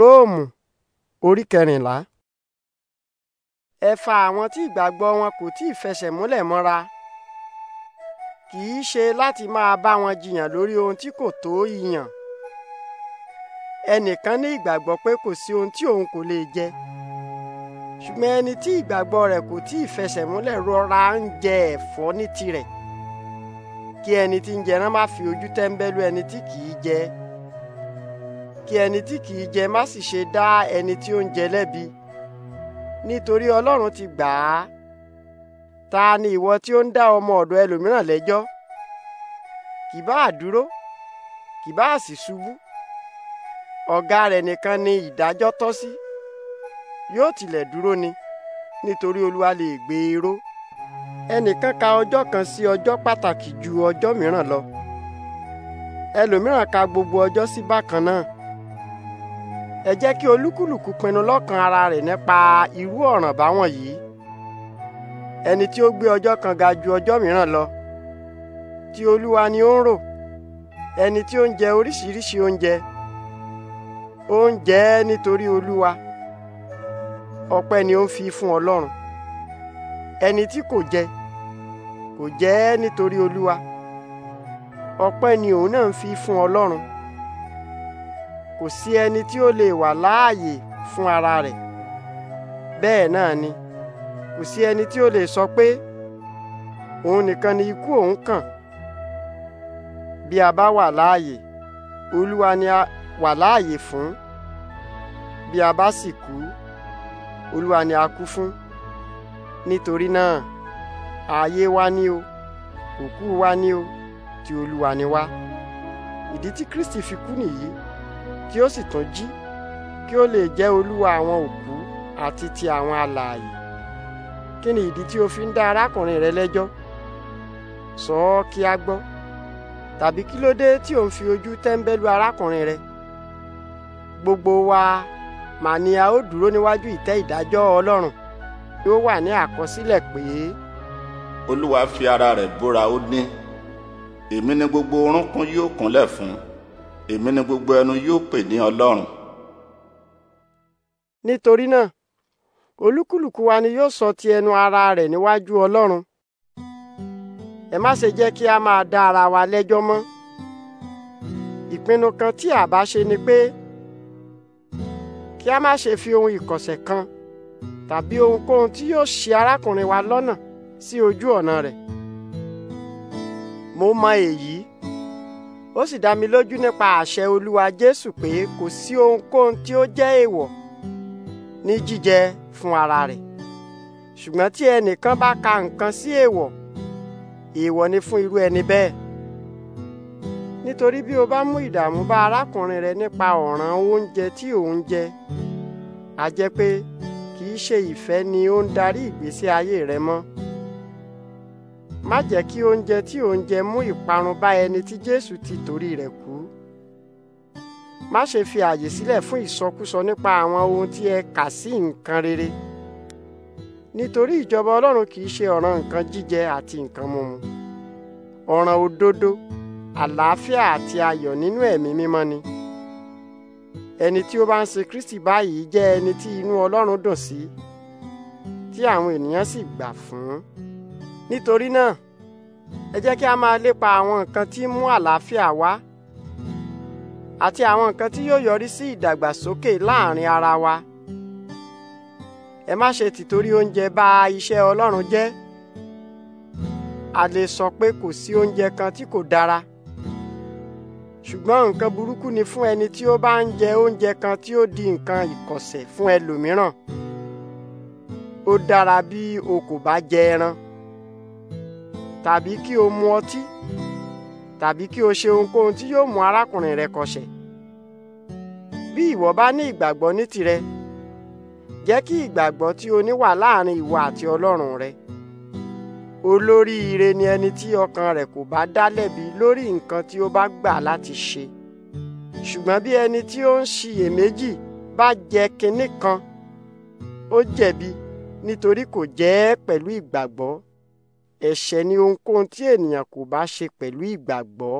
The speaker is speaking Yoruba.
róòmù orí kẹrìnlá. ẹ fa àwọn tí ìgbàgbọ́ wọn kò tí ì fẹsẹ̀ múlẹ̀ mọ́ra kì í ṣe láti máa bá wọn jiyàn lórí ohun tí kò tó ìyàn ẹnìkan ní ìgbàgbọ́ pé kò sí ohun tí òun kò lè jẹ ṣùgbọ́n ẹni tí ìgbàgbọ́ rẹ̀ kò tí ì fẹsẹ̀ múlẹ̀ rọra ń jẹ ẹ̀fọ́ ní tirẹ̀ kí ẹni tí ń jẹran má fi ojú tẹ́ńbẹ́lú ẹni tí kì í jẹ ẹ́. kí ẹni tí kìí jẹ má sì ṣe dá ẹni tí ó ń jẹ lẹ́bi nítorí Ọlọ́run ti gbà á ta ni ìwọ tí ó ń dá ọmọ ọ̀dọ̀ ẹlòmíràn lẹ́jọ́ kì bá dúró kì bá sì ṣubú ọ̀gá rẹ̀ nìkan ni ìdájọ́ tọ́ sí yóò tilẹ̀ dúró ni nítorí Olúwa lè gbé e ró ẹnìkan ka ọjọ́ kan sí ọjọ́ pàtàkì ju ọjọ́ mìíràn lọ ẹlòmíràn ka gbogbo ọjọ́ sí bákan náà ẹ jẹ́ kí olúkúlùkù pinnu lọ́kàn ara rẹ̀ nípa irú ọ̀ràn báwọn yìí ẹni tí ó gbé ọjọ́ kan ga ju ọjọ́ mìíràn lọ ti olúwa ni ó ń rò ẹni tí ó ń jẹ oríṣiríṣi oúnjẹ ó ń jẹ ẹ́ nítorí olúwa ọpẹ́ ni ó ń fi fún ọlọ́run ẹni tí kò jẹ kò jẹ ẹ́ nítorí olúwa ọpẹ́ ni òun náà ń fi fún ọlọ́run kò sí ẹni tí ó lè wà láàyè fún ara rẹ̀ bẹ́ẹ̀ náà ni kò sí ẹni tí ó lè sọ pé òun nìkan ni ikú òun kàn bí a bá wà láàyè olúwa ni a wà láàyè fún bí a bá sì kú olúwa ni a kú fún nítorí náà ààyè wa ni o òkú wa ni o ti olúwa ni wá ìdí tí kristi fi kú nìyí kí ó sì tún jí kí ó lè jẹ́ olúwa àwọn òkú àti ti àwọn alààyè kí ni ìdí tí o fi ń dá arákùnrin rẹ lẹ́jọ́ sọ ọ́ kí a gbọ́ tàbí kí ló dé tí ò ń fi ojú tẹ́ńbẹ́lú arákùnrin rẹ gbogbo wa mà ni a ó dúró níwájú ìtẹ́ ìdájọ́ ọlọ́run tí ó wà ní àkọsílẹ̀ pé. olúwa fi ara rẹ̀ búra ó ní èmi ni gbogbo orúnkún yóò kúnlẹ̀ fún un èmi ni gbogbo ẹnu yóò pè ní Ọlọ́run. nítorí náà olúkúlùkù wa ni yóò sọ ti ẹnu ara rẹ̀ níwájú Ọlọ́run ẹ má ṣe jẹ́ kí a máa dá ara wa lẹ́jọ́ mọ́ ìpinnu kan tí a ṣe ni pé kí a má ṣe fi ohun ìkọ̀sẹ̀ kan tàbí ohunkóhun tí yóò ṣì arákùnrin wa lọ́nà sí ojú ọ̀nà rẹ̀ mo mọ èyí. E ó sì dá mi lójú nípa àṣẹ olúwa jésù pé kò sí ohunkóhun tí ó jẹ́ èèwọ̀ ní jíjẹ fún ara rẹ̀ ṣùgbọ́n tí ẹnìkan bá ka nǹkan sí èèwọ̀ èèwọ̀ ni fún irú ẹni bẹ́ẹ̀ nítorí bí o bá mú ìdààmú bá arákùnrin rẹ nípa ọ̀ràn oúnjẹ tí òun jẹ a jẹ́ pé kì í ṣe ìfẹ́ ni ó ń darí ìgbésí ayé rẹ mọ́ má jẹ́ kí oúnjẹ tí ò ń jẹ mú ìparun bá ẹni tí Jésù ti torí rẹ̀ kú má ṣe fi àyè sílẹ̀ fún ìsọkúsọ nípa àwọn ohun tí ẹ kà sí nǹkan rere nítorí ìjọba Ọlọ́run kì í ṣe ọ̀ràn nǹkan jíjẹ àti nǹkan mímu ọ̀ràn òdodo àlàáfíà àti ayọ̀ nínú ẹ̀mí mímọ́ ni ẹni tí ó bá ń ṣe Kristi báyìí jẹ́ ẹni tí inú Ọlọ́run dùn sí tí àwọn ènìyàn sì gbà fún un nítorí náà ẹ jẹ́ kí a máa lépa àwọn nǹkan tí mú àlàáfíà wá àti àwọn nǹkan tí yóò yọrí sí ìdàgbàsókè láàrin ara wa ẹ má ṣe tìtorí oúnjẹ bà iṣẹ́ Ọlọ́run jẹ́ a lè sọ pé kò sí oúnjẹ kan tí kò dára ṣùgbọ́n nǹkan burúkú ni fún ẹni tí ó bá ń jẹ oúnjẹ kan tí ó di nǹkan ìkọ̀sẹ̀ fún ẹlòmíràn ó dára bí o kò bá jẹ ẹran tàbí kí o mu ọtí tàbí kí o ṣe ohunkóhun tí yóò mú arákùnrin rẹ kọsẹ̀ bí ìwọ bá ní ìgbàgbọ́ ní tirẹ̀ jẹ́ kí ìgbàgbọ́ tí o ní wà láàrin ìwọ àti Ọlọ́run rẹ olóríire ni ẹni tí ọkàn rẹ̀ kò bá dá lẹ́bi lórí nǹkan tí ó bá gbà láti ṣe ṣùgbọ́n bí ẹni tí ó ń ṣiyèméjì bá jẹ kinní kan ó jẹ̀bi nítorí kò jẹ́ pẹ̀lú ìgbàgbọ́ ẹ̀ṣẹ̀ ni ohunkóhun tí ènìyàn kò bá ṣe pẹ̀lú ìgbàgbọ́